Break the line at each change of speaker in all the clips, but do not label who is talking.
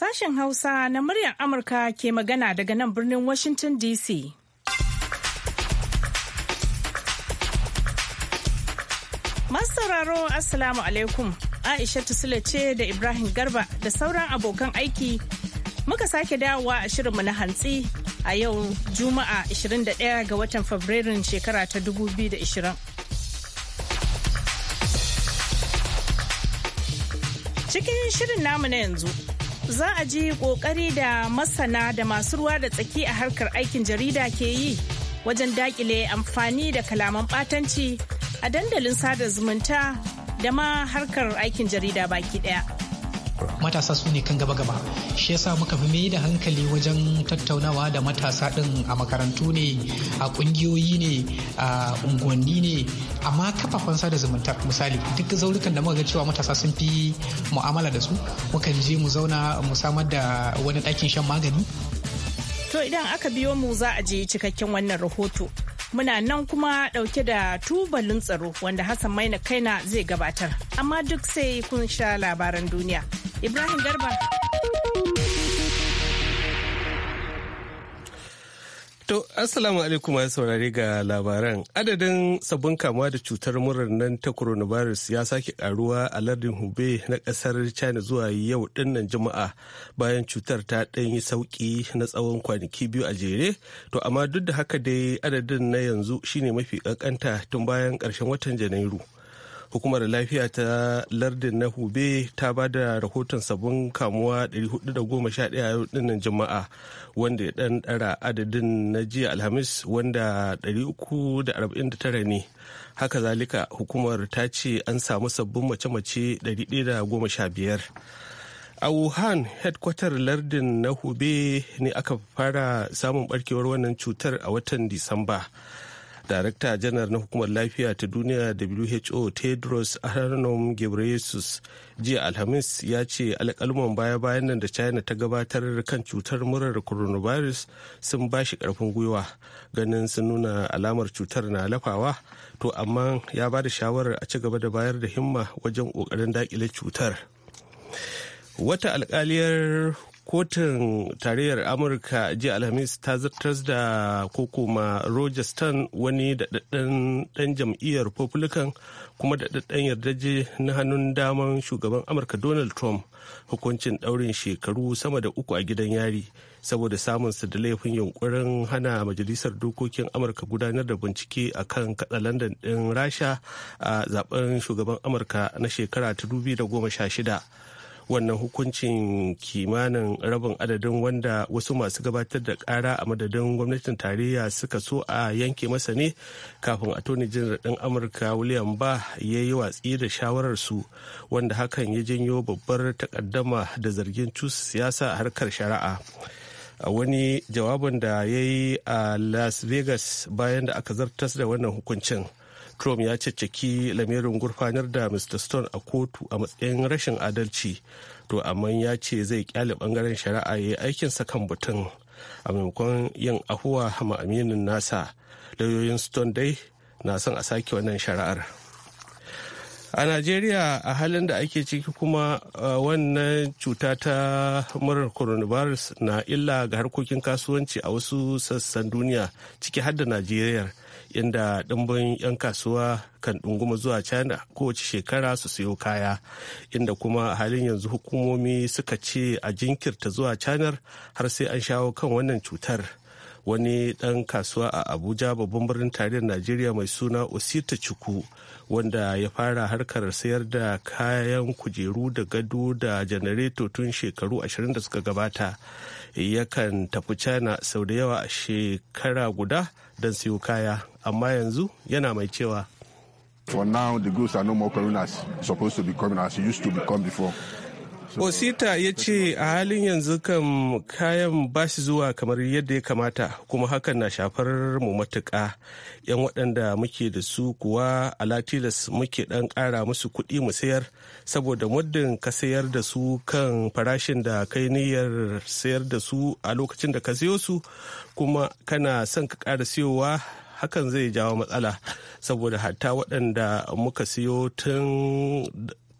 Sashen Hausa na muryar Amurka ke magana daga nan birnin Washington DC. Masu sauraro Assalamu alaikum. Aisha Tusula ce da Ibrahim Garba da sauran abokan aiki muka sake dawowa a shirinmu na hantsi a yau Juma'a 21 ga watan Fabrairun shekara ta 2020. Cikin shirin namu na yanzu za a ji kokari da masana da masu ruwa da tsaki a harkar aikin jarida ke yi wajen dakile amfani da kalaman batanci a dandalin sada zumunta da ma harkar aikin jarida baki ɗaya.
matasa su ne kan gaba gaba shi yasa muka fi mai da hankali wajen tattaunawa da matasa din a makarantu ne a kungiyoyi ne a unguwanni ne amma kafafen sada zumunta misali duk zaurukan da muka ga cewa matasa sun fi mu'amala da su mukan je mu zauna mu samar da wani ɗakin shan magani
To idan aka biyo mu za a je cikakken wannan rahoto. Muna nan kuma dauke da tubalin tsaro wanda Hassan Maina kaina zai gabatar. Amma duk sai kun sha labaran duniya. Ibrahim Garba.
To, Assalamu alaikum masu saurare ga labaran. Adadin sabbin kamuwa da cutar murar nan ta coronavirus ya sake karuwa a lardin Hubei na kasar China zuwa yau dinnan Juma'a bayan cutar ta ɗan yi sauki na tsawon kwanaki biyu a jere. To, amma duk da haka dai adadin na yanzu shine mafi ƙanƙanta tun bayan ƙarshen watan Janairu. hukumar lafiya ta lardin na hube ta ba da rahoton sabon kamuwa 411 yau dinnan juma'a wanda ya dan dara adadin na jiya alhamis wanda 349 ne haka zalika hukumar ta ce an samu sabbin mace-mace 115 a wuhan headquarter lardin na hube ne aka fara samun barkewar wannan cutar a watan disamba darakta janar na hukumar lafiya ta duniya who tedros adhanom ghebreyesus jiya alhamis ya ce alkalman baya-bayan nan da china ta gabatar kan cutar murar coronavirus sun ba shi karfin gwiwa ganin sun nuna alamar cutar na lafawa to amma ya ba da shawarar a ci gaba da bayar da himma wajen kokarin dakile cutar wata alkaliyar kotun tarayyar amurka jiya alhamis ta zartar da kokoma roger stone wani daɗaɗɗen ɗan jam'iyyar republican kuma yarda yardaje na hannun daman shugaban amurka donald trump hukuncin ɗaurin shekaru sama da uku a gidan yari saboda samunsa da laifin yunkurin hana majalisar dokokin amurka gudanar da bincike a kan kaɗa london ɗin rasha a zaben shugaban amurka na shekara ta 2016 wannan hukuncin kimanin rabin adadin wanda wasu masu gabatar da kara a madadin gwamnatin tarayya suka so a yanke masa ne kafin toni general ɗin amurka william ba ya yi watsi da shawararsu wanda hakan ya janyo babbar takaddama da zargin cus siyasa a harkar shari'a a wani jawabin da ya yi a las vegas bayan da aka zartas da wannan hukuncin Trump ya caccaki lamirin gurfanar da Mr. Stone a kotu a matsayin rashin adalci, to amma ya ce zai kyale bangaren shari'a ya aikinsa kan batun a maimakon yin ahuwa ma aminin nasa. Lauyoyin Stone dai na son a sake wannan shari'ar. a najeriya a halin da ake ciki kuma wannan cuta ta murar coronavirus na illa ga harkokin kasuwanci a wasu sassan duniya ciki har da najeriya inda ɗimbin 'yan kasuwa kan ɗunguma zuwa china kowace shekara su siyo kaya inda kuma a halin yanzu hukumomi suka ce a jinkirta zuwa china har sai an shawo kan wannan cutar wani ɗan kasuwa a abuja babban birnin tarihin najeriya mai suna osita chuku wanda ya fara harkar sayar da kayan kujeru da gado da janareto tun shekaru 20 da suka gabata yakan tafi china sau da yawa a shekara guda don siyo kaya amma yanzu yana mai cewa
For now, the goods are no more coming as supposed to be coming as it used to become
before. osita ya ce a halin yanzu kan kayan ba shi zuwa kamar yadda ya kamata kuma hakan na shafar mu matuƙa yan waɗanda muke da su kuwa a latilas muke ɗan ƙara musu kuɗi mu sayar saboda muddin ka sayar da su kan farashin da kai niyyar sayar da su a lokacin da ka sayo su kuma kana son ka ƙara siyowa hakan zai jawo matsala saboda hatta waɗanda muka siyo tun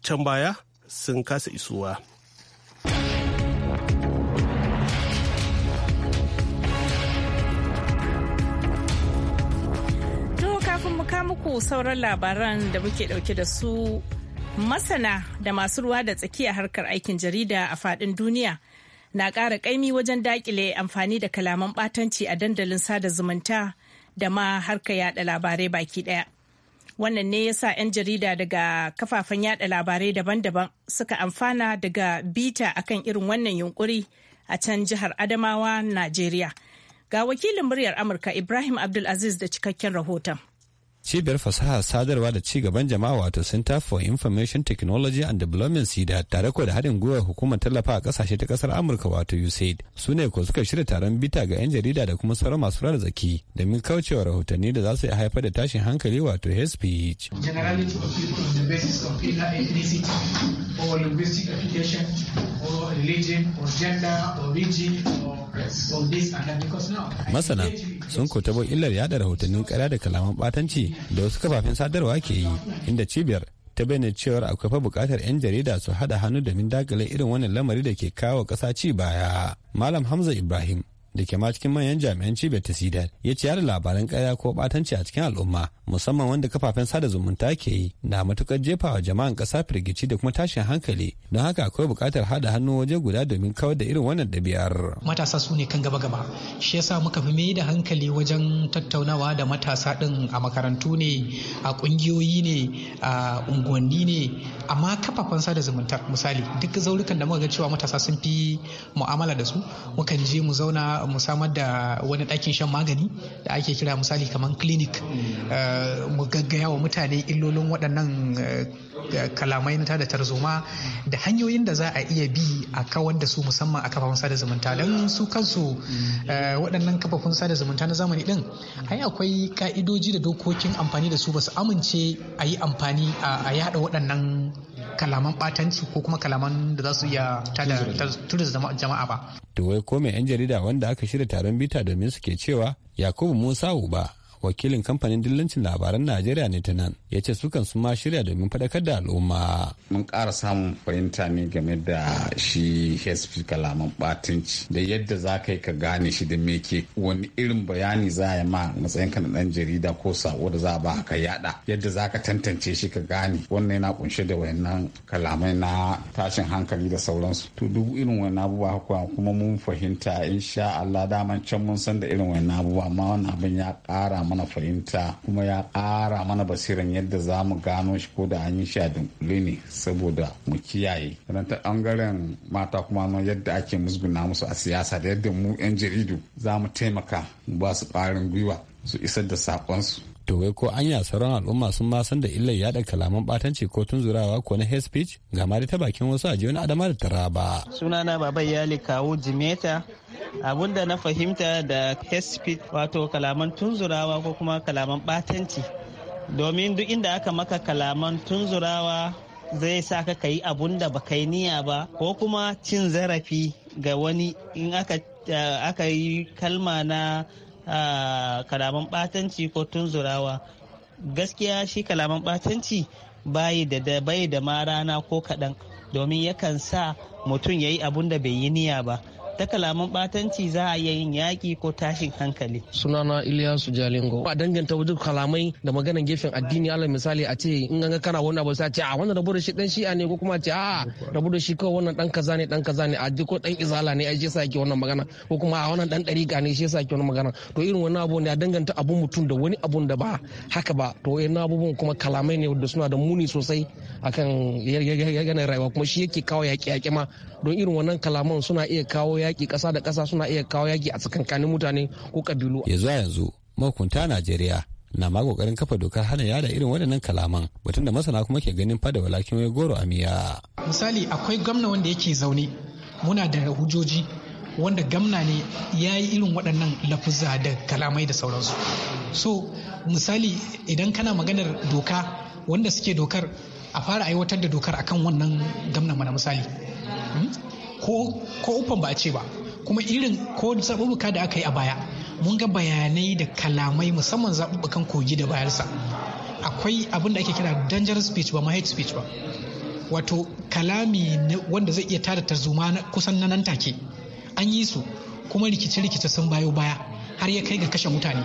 can baya sun kasa isuwa.
kafin mu muku sauran labaran da muke dauke da su masana da masu ruwa da tsakiya harkar aikin jarida a fadin duniya na ƙara ƙaimi wajen dakile amfani da kalaman batanci a dandalin sada zumunta da ma harka yada labarai baki ɗaya. Wannan ne ya sa 'yan jarida daga kafafen yada labarai daban-daban suka amfana daga bita akan irin wannan yunkuri a can jihar Adamawa, Najeriya. Ga wakilin muryar Amurka Ibrahim Abdulaziz da cikakken rahoton.
cibiyar fasaha sadarwa da ci gaban jama'a wato center for information technology and development cida tare ko da haɗin gwiwar hukumar tallafa a kasashe ta kasar amurka wato usaid su ne ko suka shirya taron bita ga 'yan jarida da kuma sauran masu rara zaki domin kaucewa rahotanni da za su iya haifar da tashin hankali wato hate speech Masana sun kotabo illar yada rahotannin kara da kalaman batanci da wasu kafafen sadarwa ke yi inda cibiyar ta bayyana cewar akwai fa bukatar 'yan jarida su hada hannu domin dakile irin wannan lamari da ke kawo ƙasa ci baya malam hamza ibrahim da ke ma cikin manyan jami'an cibiyar ta sidar ya ciyar da labaran kaya ko batanci a cikin al'umma musamman wanda kafafen sada zumunta ke yi na matukar wa jama'an kasa firgici da kuma tashin hankali don haka akwai buƙatar haɗa hannu waje guda domin kawar da irin wannan ɗabi'ar.
matasa su ne kan gaba-gaba shi yasa muka fi mai da hankali wajen tattaunawa da matasa ɗin a makarantu ne a ƙungiyoyi ne a unguwanni ne amma kafafen sada zumunta misali duk zaurukan da muka ga cewa matasa sun fi mu'amala da su mukan je mu zauna mu samar da wani ɗakin shan magani da ake kira misali kamar clinic eh, mu gaggaya wa mutane illolin waɗannan eh, kalamai na tada tarzoma da hanyoyin da za a iya bi a kawar da su musamman a kafafun sada zumunta don su kansu eh, waɗannan kafafun sada zumunta na zamani ɗin ai akwai ka'idoji da dokokin amfani da su ba su amince a yi amfani a yada waɗannan kalaman batanci ko kuma kalaman da za su iya
tada jama'a ba. To wai ko mai 'yan jarida wanda aka shirya taron bita domin suke cewa Yakubu Musa ba. wakilin kamfanin dillancin labaran najeriya ne ta nan ya ce sukan su ma shirya domin faɗakar da al'umma mun ƙara samun fahimta ne game da shi hsp kalaman batunci da yadda za ka yi ka gane shi da me ke wani irin bayani za ya ma matsayin ka na ɗan jarida ko sako da za ba ka yada yadda za ka tantance shi ka gane wannan yana kunshe da wayannan kalamai na tashin hankali da sauransu to duk irin wannan abubuwa kuma mun fahimta insha Allah daman can mun san da irin wannan abubuwa amma wannan abin ya ƙara mana fahimta kuma ya ƙara mana basiran yadda za mu gano shi ko da an yi shi dunkule ne saboda mu kiyaye sannan ta ɓangaren mata kuma ma yadda ake musguna musu a siyasa da yadda mu 'yan jaridu za mu taimaka mu ba su ƙarin gwiwa su isar da saƙonsu to wai ko anya sauran al'umma sun ma san da illar yaɗa kalaman batanci ko tunzurawa ko na hate speech ga ma ta bakin wasu a jiyoyin adama da taraba
sunana baba yali kawo jimeta abinda na fahimta da hate speech wato kalaman tunzurawa ko kuma kalaman batanci domin duk inda aka maka kalaman tunzurawa zai sa ka yi abun da baka yi niyya ba ko kuma cin zarafi ga wani in aka eh, yi kalma na kalaman batanci ko tunzurawa gaskiya shi kalaman batanci bayi da bayi da ma rana ko kaɗan domin yakan sa mutum ya yi abun da bai yi niyya ba ta kalaman batanci za a yayin yin yaƙi ko tashin hankali. Sunana Ilyasu Jalingo. Ba danganta wajen kalamai da maganan gefen addini alal misali a ce in ga kana wannan ba sai a ce a wannan rabu da shi dan shi'a ne ko kuma a ce a rabu da shi kawai wannan dan kaza ne dan kaza ne a ko dan izala ne ai shi yake wannan magana ko kuma a wannan dan dariƙa ne shi yasa yake wannan magana to irin wannan abu ne a danganta abun mutum da wani abun da ba haka ba to irin abubuwan kuma kalamai ne wanda suna da muni sosai akan yanayin rayuwa kuma shi yake kawo yaƙe-yaƙe ma don irin wannan kalaman suna iya kawo yaƙi ƙasa da ƙasa suna iya kawo yaƙi a tsakankanin mutane ko ƙabilu.
yanzu a yanzu mahukunta najeriya na ma kokarin kafa dokar hana yada irin waɗannan kalaman batun da masana kuma ke ganin fada walakin wai goro a miya.
misali akwai gwamna wanda yake zaune muna da hujoji wanda gamna ne ya yi irin waɗannan lafuza da kalamai da sauransu so misali idan kana maganar doka wanda suke dokar a fara aiwatar da dokar akan wannan gamna mana misali Hmm? ko uffan ba a ce ba kuma irin ko zaɓuɓɓuka da aka yi a baya mun ga bayanai da kalamai musamman zaɓuɓɓukan kogi da bayarsa akwai abin da ake kira dangerous speech ba ma hate speech ba wato kalami wanda zai iya tada tarzoma kusan na nan take an yi su kuma rikice-rikice sun bayo baya har ya kai ga kashe mutane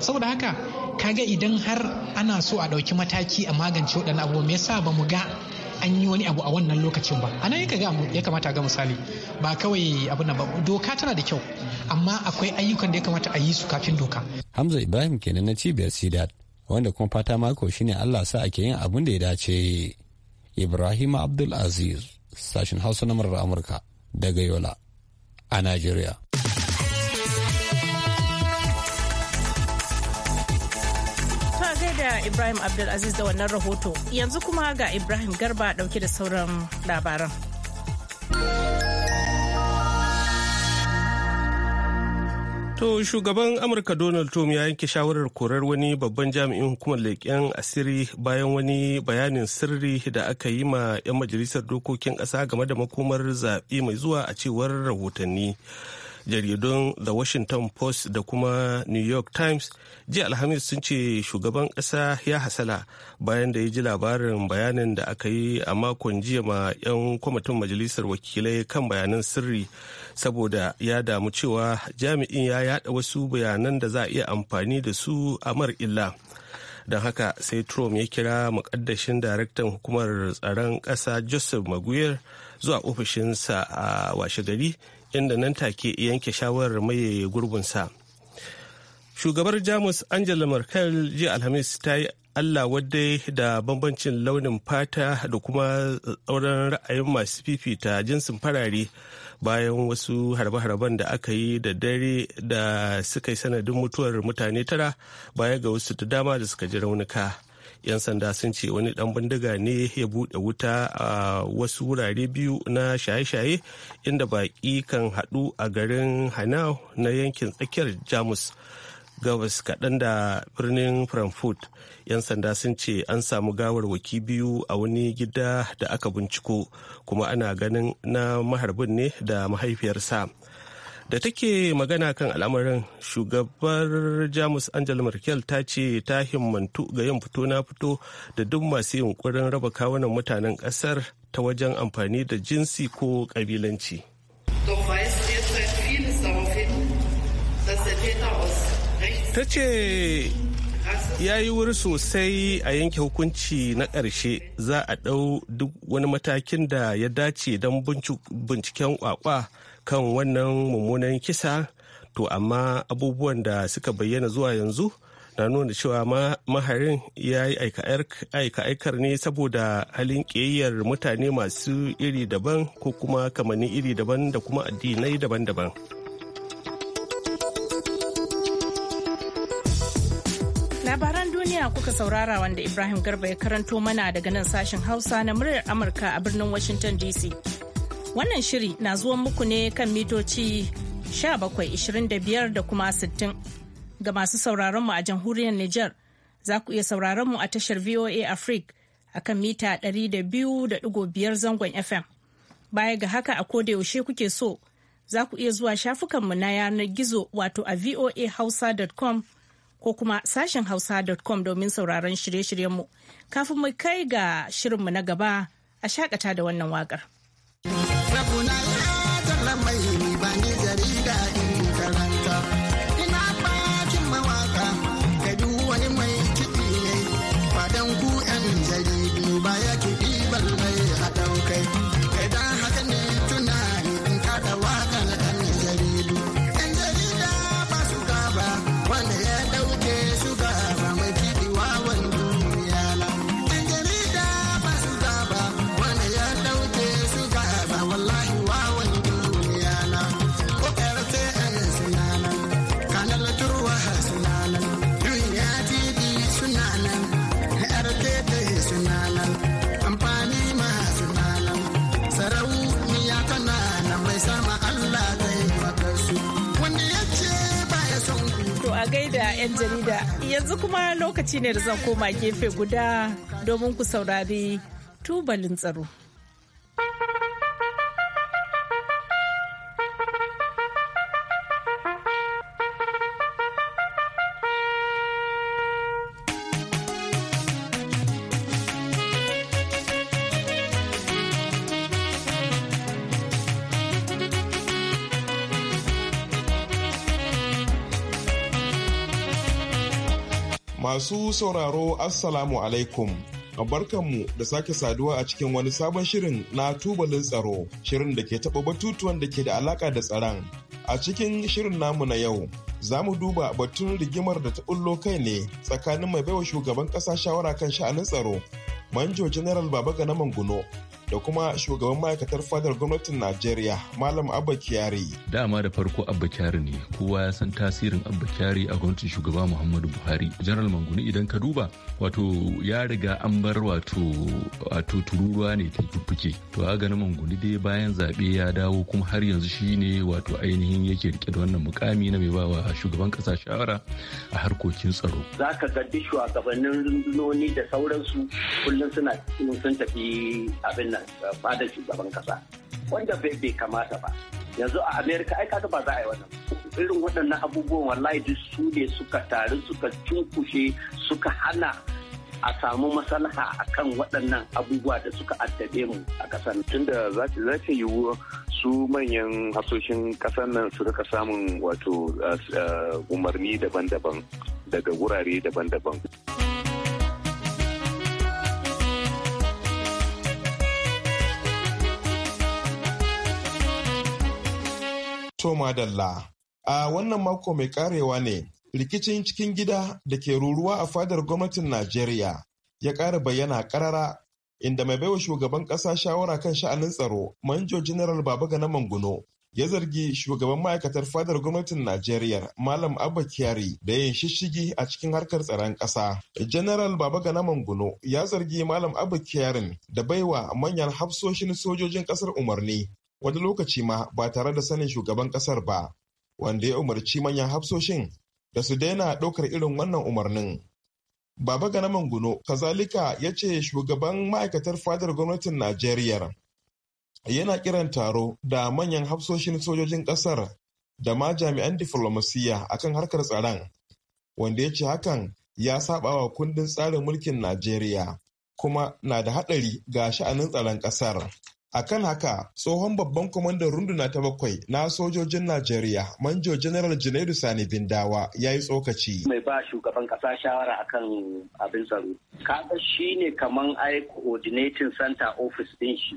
saboda haka kaga idan har ana so a ɗauki mataki a magance waɗannan abubuwa me yasa ba mu ga an yi wani abu a wannan lokacin ba anan yaka ga ya kamata ga misali ba kawai abin nan ba doka tana da kyau amma akwai ayyukan da ya kamata a yi su kafin doka
Hamza Ibrahim kenan na cibiyar Sidat wanda kuma fata mako shine Allah sa ake yin abun da ya dace Ibrahim Abdul Aziz sashin Hausa na Amurka daga Yola a Najeriya.
Ibrahim Abdulaziz da wannan rahoto. Yanzu kuma ga Ibrahim Garba dauke da sauran labaran.
To shugaban Amurka Donald Trump ya yanke shawarar korar wani babban jami'in hukumar leƙen asiri bayan wani bayanin sirri da aka yi ma 'yan majalisar dokokin ƙasa game da makomar zaɓe mai zuwa a cewar rahotanni. jaridun the washington post da kuma new york times jiya alhamis sun ce shugaban ƙasa ya hasala bayan da ya ji labarin bayanin da aka yi a makon jiya ma 'yan kwamitin majalisar wakilai kan bayanan sirri saboda ya damu cewa jami'in ya yada wasu bayanan da za a iya amfani da su a mar illa don haka sai trump ya kira mukaddashin daraktan hukumar tsaron ƙasa joseph maguire zuwa ofishinsa a washe gari inda nan take yanke shawarar maye gurbinsa shugabar jamus angela merkel jiya alhamis ta yi allah wadda da bambancin launin fata da kuma tsauran ra'ayin masu fifita jinsin farare bayan wasu harbe-harben da aka yi da dare da suka yi sanadin mutuwar mutane tara baya ga wasu da dama da suka ji raunuka 'yan sanda sun ce wani dan bindiga ne ya bude wuta a wasu wurare biyu na shaye-shaye inda baƙi kan hadu a garin hanau na yankin tsakiyar jamus gabas kaɗan da birnin frankfurt 'yan sanda sun ce an samu gawar waki biyu a wani gida da aka binciko kuma ana ganin na maharbin ne da mahaifiyarsa. da take magana kan al'amarin shugabar jamus angela merkel ta ce ta himmantu ga yin fito na fito da duk masu yunkurin raba kawunan mutanen kasar ta wajen amfani da jinsi ko kabilanci ta ce ya yi wuri sosai a yanke hukunci na ƙarshe za a ɗau duk wani matakin da ya dace don binciken kwakwa kan wannan mummunan kisa to amma abubuwan da suka bayyana zuwa yanzu na nuna cewa maharin ya yi aika-aikar ne saboda halin ƙiyayyar mutane masu iri daban ko kuma kamanni iri daban da kuma addinai daban-daban.
labaran duniya kuka saurara wanda ibrahim garba ya karanto mana daga nan sashen hausa na muryar amurka a birnin washington dc Wannan shiri na zuwan muku ne kan mitoci 1725 da kuma 60 ga masu sauraron mu a jamhuriyar Nijar. Za ku iya sauraron mu a tashar VOA Africa a kan mita 200.5 zangon FM. Baya ga haka a ko da yaushe kuke so za ku iya zuwa shafukanmu na yanar gizo wato a voahausa.com ko kuma sashen hausa.com domin sauraron shirye-shiryenmu. Kafin mu kai ga shirinmu na gaba a shakata da wannan waƙar. rabunan jarida yanzu kuma lokaci ne da zan koma gefe guda domin ku saurari tubalin tsaro.
Masu sauraro Assalamu alaikum. Barkanmu da sake saduwa a cikin wani sabon shirin na tubalin tsaro, shirin da ke taɓa batutuwan da ke da alaƙa da tsaron. A cikin shirin namu na yau, za mu duba batun rigimar da ta ɓullo kai ne tsakanin mai baiwa shugaban ƙasa shawara kan sha'anin tsaro, Manjo General Baba Gana Manguno da kuma shugaban ma'aikatar fadar gwamnatin Najeriya Malam Abba Kyari.
Dama da farko Abba Kyari ne kowa ya san tasirin Abba Kyari a gwamnatin shugaba Muhammadu Buhari. General Manguni idan ka duba wato ya riga an bar wato wato tururuwa ne ta fuffuke. To a ganin Manguni dai bayan zaɓe ya dawo kuma har yanzu shi ne wato ainihin yake rike da wannan mukami na mai bawa shugaban ƙasa shawara a harkokin tsaro.
Za ka ga shugabannin rundunoni da sauransu kullum suna sun tafi abin Eh, fadar shugaban kasa wanda bai bai kamata ba yanzu a amerika ai kaga ba za a yi wannan irin waɗannan abubuwan wallahi duk su ne suka taru suka cunkushe suka hana a samu a kan waɗannan abubuwa da suka addabe mu a ƙasar. Tunda za ta yiwu
su manyan hasoshin ƙasar nan su rika samun wato eh, eh, umarni daban-daban daga wurare daban-daban.
Toma Dalla. A wannan mako mai karewa ne rikicin cikin gida da ke ruruwa a fadar gwamnatin Najeriya ya ƙara bayyana ƙarara inda mai baiwa shugaban ƙasa shawara kan sha'anin tsaro manjo general gana manguno ya zargi shugaban ma'aikatar fadar gwamnatin najeriya malam abba kyari da yin shishigi a cikin harkar tsaron ƙasa general gana manguno ya zargi malam abba kyarin da baiwa manyan hafsoshin sojojin ƙasar umarni wani lokaci ma ba tare da sanin shugaban kasar ba wanda ya umarci manyan hafsoshin da su daina ɗaukar irin wannan umarnin. Baba Gana Manguno kazalika ya ce shugaban ma'aikatar fadar gwamnatin Najeriya yana kiran taro da manyan hafsoshin sojojin ƙasar da ma jami'an diflomasiyya akan harkar tsaron wanda ya ce hakan ya saba wa kundin tsarin mulkin Najeriya kuma na da haɗari ga sha'anin tsaron ƙasar. akan haka tsohon babban kwamandan runduna ta bakwai na sojojin najeriya manjo general janairu sani bindawa ya yi tsokaci
mai ba shugaban kasa shawara a kan abin tsaro kaga shi ne kaman ai coordinating center office din shi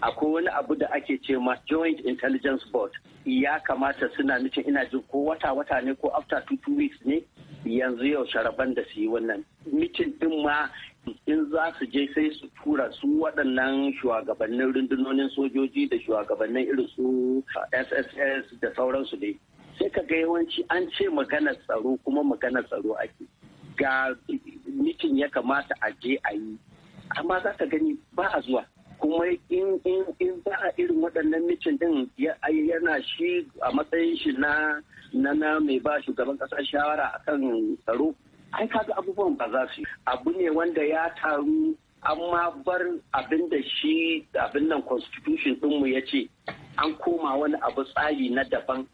akwai wani abu da ake ce ma joint intelligence board ya kamata suna nufin ina jin ko wata wata ne ko after two two weeks ne yanzu yau sharaban da su yi wannan mitin din ma in za su je sai su tura su waɗannan shugabannin rundunonin sojoji da shugabannin irin su sss da sauransu dai sai ka ga yawanci an ce maganar tsaro kuma maganar tsaro ake ga mitin ya kamata a je a yi amma za ka gani ba a zuwa kuma in za a irin waɗannan mitin ɗin yana shi a matsayin shi na na mai ba shugaban ƙasar shawara akan tsaro ai kaga abubuwan ba za su yi abu ne wanda ya taru amma bar abin da shi abin nan constitution dinmu ya ce an koma wani abu tsari na daban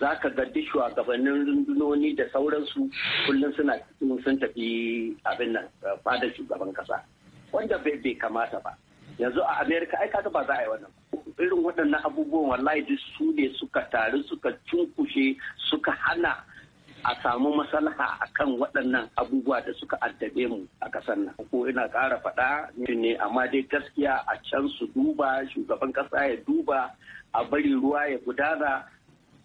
za ka ga duk shugabannin rundunoni da sauransu kullum suna cikin sun tafi abin nan uh, fadar shugaban kasa wanda bai bai kamata ba yanzu a america ai kaga ba za a yi wannan irin waɗannan abubuwan wallahi duk su ne suka taru suka cunkushe suka hana a samu maslaha kan waɗannan abubuwa da suka addabe mu a ƙasar nan ko ina ƙara faɗa ne amma dai gaskiya a can su duba shugaban ƙasa ya duba a bari ruwa ya gudana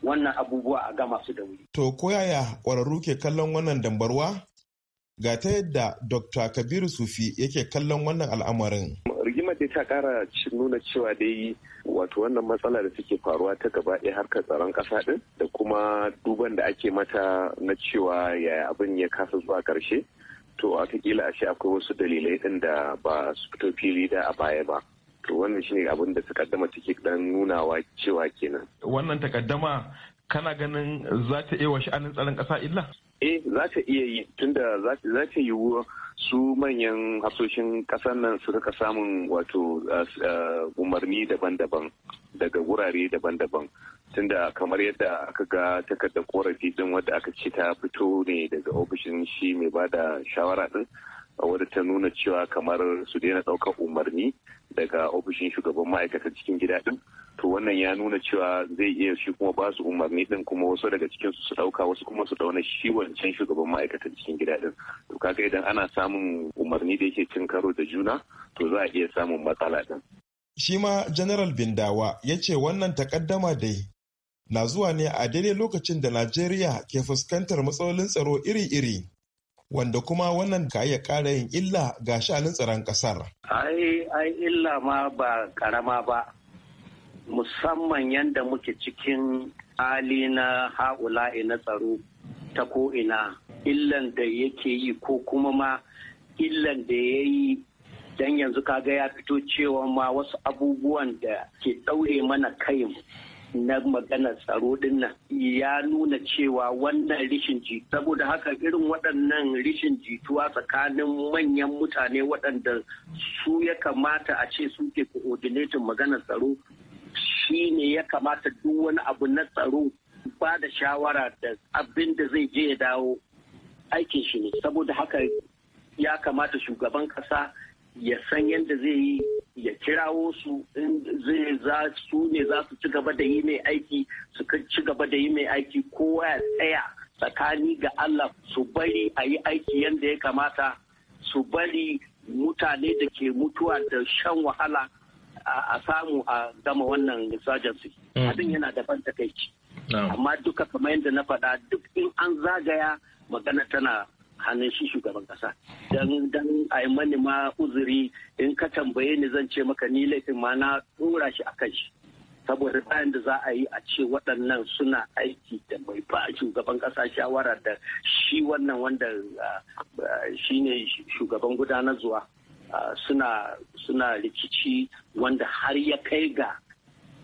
wannan abubuwa a gama su da wuri.
To ko yaya ƙwararru ke kallon wannan dambarwa? Ga ta yadda Dr. Kabiru Sufi yake kallon wannan al'amarin.
rigimar da ta kara nuna cewa dai wato wannan matsala da suke faruwa ta gaba ɗaya harkar tsaron ƙasa ɗin da kuma duban da ake mata na cewa yaya abin ya kasa zuwa ƙarshe to watakila a akwai wasu dalilai ɗin da ba su fito fili da a baya ba to wannan shine abin da takaddama take dan nunawa
cewa kenan wannan takaddama kana ganin za ta iya wa sha'anin tsaron ƙasa illa
eh za ta iya yi tunda za ta yiwu su manyan hasoshin ƙasar nan su samun wato eh, eh, umarni daban-daban daga wurare daban-daban tunda kamar yadda aka ga takardar korafi din wadda aka ce ta fito ne daga ofishin shi mai ba da shawara din wadda ta nuna cewa kamar su daina ɗaukar umarni daga ofishin shugaban ma'aikatan cikin gida din to wannan ya nuna cewa zai iya shi kuma ba su umarni din kuma wasu daga cikin su ɗauka wasu kuma su ɗauna shi wancan shugaban ma'aikatan cikin gida ɗin to kaga idan ana samun umarni da yake cin karo da juna to za a iya samun matsala ɗin.
shi ma general bindawa ya ce wannan takaddama dai na zuwa ne a daidai lokacin da najeriya ke fuskantar matsalolin tsaro iri-iri wanda kuma wannan ka iya ƙara yin illa ga sha'anin tsaron ƙasar.
Ai, ai illa ma ba ƙarama ba, musamman yadda muke cikin hali na ha'ula na tsaro ta ko'ina, illan da yake yi ko kuma ma illan da ya yi don yanzu kaga ya fito cewa ma wasu abubuwan da ke ɗaure mana kai. na maganar tsaro din ya nuna cewa wannan rishin jituwa. saboda haka irin waɗannan rishin jituwa tsakanin manyan mutane waɗanda su ya kamata a ce suke coordinating maganar tsaro shi ne ya kamata duk wani abu na tsaro ba da shawara da abin da zai je ya dawo aikin shi ne saboda haka ya kamata shugaban ƙasa. ya san yadda zai yi ya kirawo su in zai za su ne za su ci gaba da yi mai aiki su ci gaba da yi mai aiki kowa ya tsaya tsakani ga Allah su bari a yi aiki yadda ya kamata su bari mutane da ke mutuwa da shan wahala a samu a gama wannan insurgency mm. abin yana daban takaici amma duka kamar yadda na faɗa duk in an zagaya magana tana hannun shi shugaban kasa dan dan a ma uzuri in ka tambaye ni zan ce maka ni laifin ma na tura shi akan shi saboda bayan da za a yi a ce waɗannan suna aiki da mai ba shugaban kasa shawara da shi wannan wanda ah, ah, shi ne shugaban gudanar zuwa ah, suna rikici wanda har ya kai ga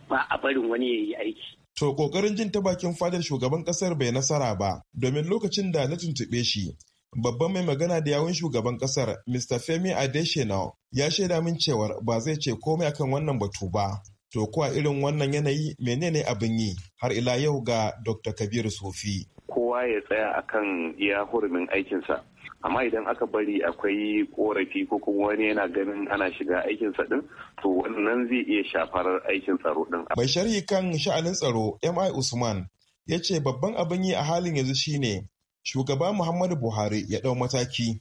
ba a barin
wani ya yi aiki. To ƙoƙarin jin ta bakin fadar shugaban kasar bai nasara ba domin lokacin da na tuntuɓe shi Babban mai magana da yawun shugaban kasar Mr. Femi Adesina ya shaida min cewar ba zai ce komai akan wannan batu ba. To kuwa irin wannan yanayi menene abin yi har ila yau ga Dr. Kabiru Sofi.
Kowa ya tsaya akan iya hurumin aikinsa. amma idan aka bari akwai korafi ko kuma wani yana ganin ana shiga aikin sa din to wannan zai iya shafar aikin tsaro din
mai sharhi kan sha'anin tsaro MI Usman ya ce babban abin yi a halin yanzu shine shugaba Muhammadu Buhari ya ɗau mataki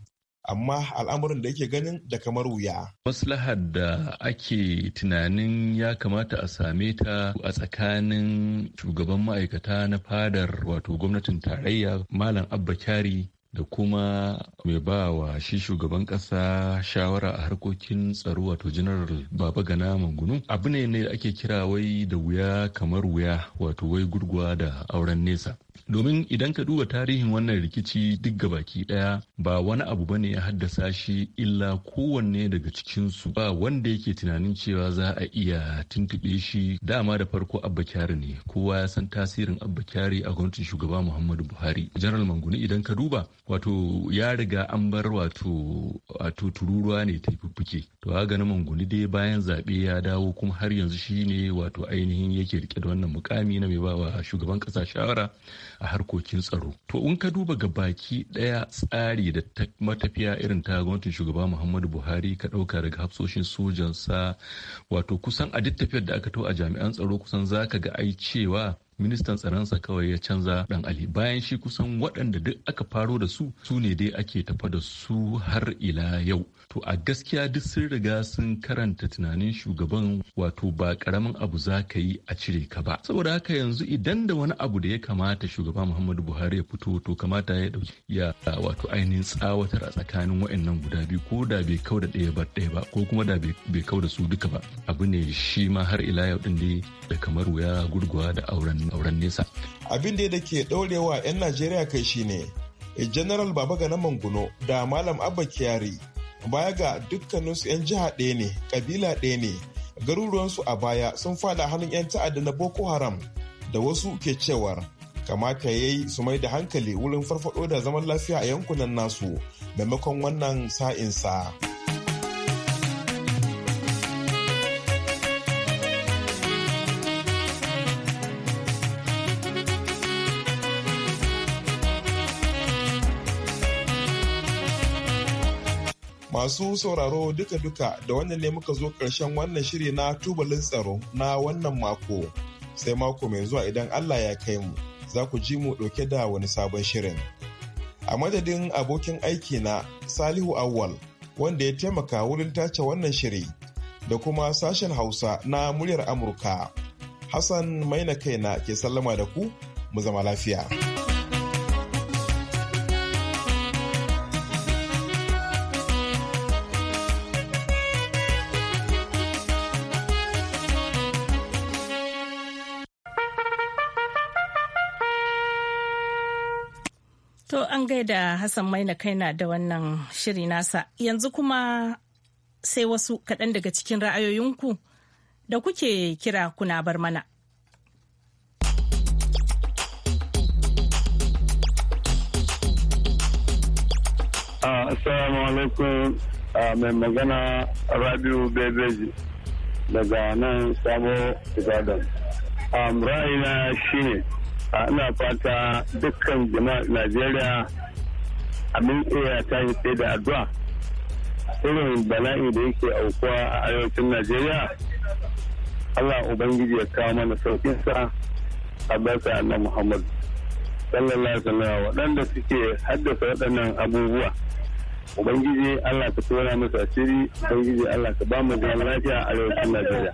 amma al'amuran da yake ganin da kamar
wuya.
Maslahar da ake tunanin ya kamata a same ta a tsakanin shugaban ma'aikata na fadar wato gwamnatin tarayya Malam Abba Kyari da kuma mai ba wa shi shugaban ƙasa shawara a harkokin tsaro wato general baba gana mangunu abu ne ne ake kira wai da wuya kamar wuya wato wai gurguwa da auren nesa domin idan ka duba tarihin wannan rikici duk baki daya ba wani abu bane ya haddasa shi illa kowanne daga cikinsu ba wanda yake tunanin cewa za a iya tuntuɓe shi dama da farko abba kyari ne kowa ya san tasirin abba kyari a gwamnatin shugaba muhammadu buhari general manguni idan ka duba wato ya riga an bar wato wato tururuwa ne ta fuffuke to haka na manguni dai bayan zaɓe ya dawo kuma har yanzu shine wato ainihin yake rike da wannan mukami na mai bawa shugaban ƙasa shawara a harkokin tsaro to in ka duba ga baki daya tsari da matafiya irin ta gwamnatin shugaba muhammadu buhari ka dauka daga hafsoshin sojansa wato kusan a duk tafiyar da aka tau a jami'an tsaro kusan ka ga ai cewa ministan tsaronsa kawai ya canza dan ali bayan shi kusan waɗanda duk aka faro da su su ne dai ake tafa da su har ila yau to a gaskiya duk sun riga sun karanta tunanin shugaban wato ba karamin abu za ka yi a cire ka ba saboda haka yanzu idan da wani abu da ya kamata shugaba muhammadu buhari ya fito to kamata ya dauki ya wato ainihin tsawatar a tsakanin wa'annan guda biyu ko da bai kau da ɗaya ba ɗaya ba ko kuma da bai kau da su duka ba abu ne shi ma har ila yau din ne da kamar wuya gurguwa da auren auren nesa
abin da ke daurewa 'yan najeriya kai shine general baba gana manguno da malam abba kyari baya ga dukkaninsu 'yan jiha ɗaya ne kabila ɗaya ne garuruwansu a baya sun fada hannun 'yan ta'adda na boko haram da wasu ke cewar kamata ya yi su mai da hankali wurin farfado da zaman lafiya a yankunan nasu maimakon wannan sa'insa. sa Masu sauraro duka-duka da wannan ne muka zo ƙarshen wannan shiri na tubalin tsaro na wannan mako. Sai mako mai zuwa idan Allah ya kai mu, za ku ji mu ɗauke da wani sabon shirin. A madadin abokin aiki na Salihu Awwal, wanda ya taimaka wurin tace wannan shiri, da kuma sashen Hausa na muryar Amurka. Hassan maina kaina ke sallama da ku, mu zama lafiya.
an gaida Hassan Maina kaina da wannan shiri nasa. Yanzu kuma sai wasu kaɗan daga cikin ra'ayoyinku da kuke kira kuna bar mana.
Ah, assalamu alaikum ah, mai magana Rabiu Bebeji daga nan Sabo Ibadan. Ah, shi ne. ana fata dukkan jama'a najeriya abin iya ta yi sai da addu'a irin bala'i da yake aukuwa a arewacin najeriya allah ubangiji ya kawo mana sauƙinsa a basa na muhammadu sallallahu alaihi waɗanda suke haddasa waɗannan abubuwa ubangiji allah ka tura musu asiri ubangiji allah ka ba mu zaman lafiya a arewacin najeriya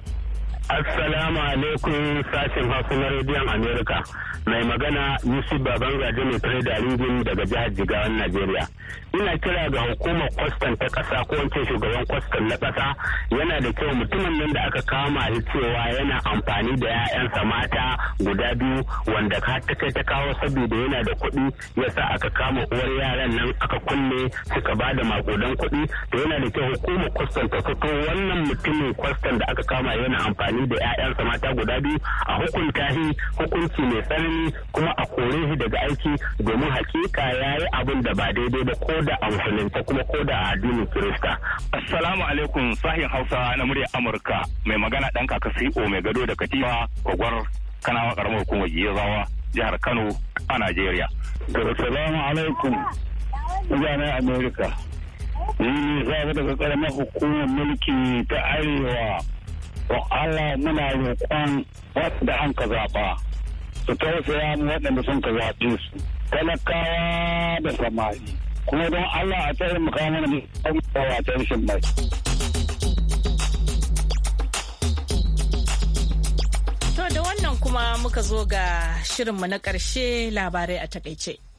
Assalamu alaikum sashen Hausa na Rediyon Amerika. Mai magana Yusuf Baban mai tare da daga jihar Jigawan Najeriya. ina kira ga hukumar kwastan ta ƙasa ko shugaban kwastan na ƙasa yana da kyau mutumin nan da aka kama shi cewa yana amfani da 'ya'yansa mata guda biyu wanda ka ta kai ta kawo saboda yana da kuɗi ya sa aka kama uwar yaran nan aka kunne suka ba da makudan kuɗi to yana da kyau hukumar kwastan ta fito wannan mutumin kwastan da aka kama yana amfani da 'ya'yansa mata guda biyu a hukunta shi hukunci mai tsanani kuma a kore shi daga aiki domin hakika ya yi abin da ba daidai ba ko da a musulunta kuma ko da addinin kirista. Assalamu
alaikum sahin Hausa na murya Amurka mai magana ɗan kaka CEO mai gado da Katifa kogwar Kanawa karamar hukumar Gizawa jihar Kano a Najeriya.
Assalamu alaikum mutanen Amerika. Ni ne daga karamar hukumar
mulki ta Arewa. Wa Allah muna roƙon da an ka zaɓa su tausaya mu waɗanda sun ka zaɓe su. Talakawa da samari. kuma don Allah a tsaye mu kawo mana a shi mai.
To da wannan kuma muka zo ga shirinmu na ƙarshe labarai a takaice.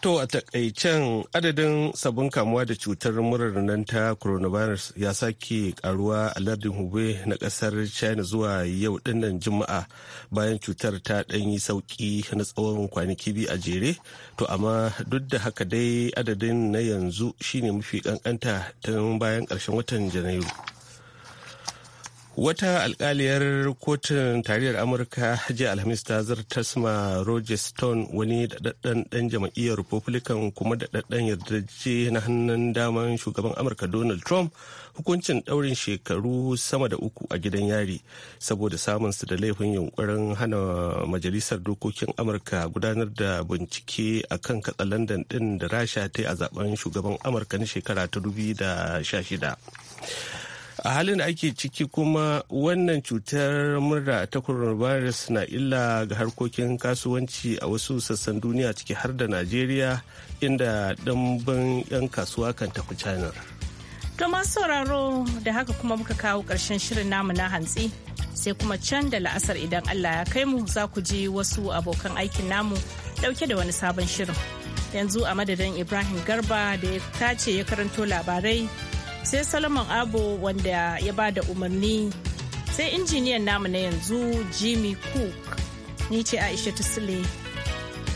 To a takaicen adadin sabon kamuwa da cutar murar ta coronavirus ya sake karuwa a lardin Hubei na kasar China zuwa yau dinnan Juma'a bayan cutar ta ɗanyi sauki na tsawon kwanaki biyu a jere. To amma duk da haka dai adadin na yanzu shine mafi kankanta tun bayan ƙarshen watan Janairu. wata alkaliyar kotun tarayyar amurka hajji alhamis ta zartas ma roger stone wani daɗaɗɗen ɗan jam'iyyar republican kuma daɗaɗɗen yardace na hannun daman shugaban amurka donald trump hukuncin ɗaurin shekaru sama da uku a gidan yari saboda samun su da laifin yunkurin hana majalisar dokokin amurka gudanar da bincike a kan katsa katsalandan ɗin da rasha ta yi a zaben shugaban amurka na shekara ta 2016 a halin da ake ciki kuma wannan cutar murra ta coronavirus na illa ga harkokin kasuwanci a wasu sassan duniya ciki har da najeriya inda ɗanban 'yan kasuwa kan tafi canar
to masu sauraro da haka kuma muka kawo ƙarshen shirin namu na hantsi sai kuma can da la'asar idan allah ya kai mu za ku ji wasu abokan aikin namu ɗauke da wani sabon shirin yanzu a madadin ibrahim garba da ya tace ya karanto labarai sai solomon abo wanda ya ba da umarni sai injiniyan namu na yanzu jimmy cook ni ce aisha tusile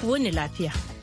wani lafiya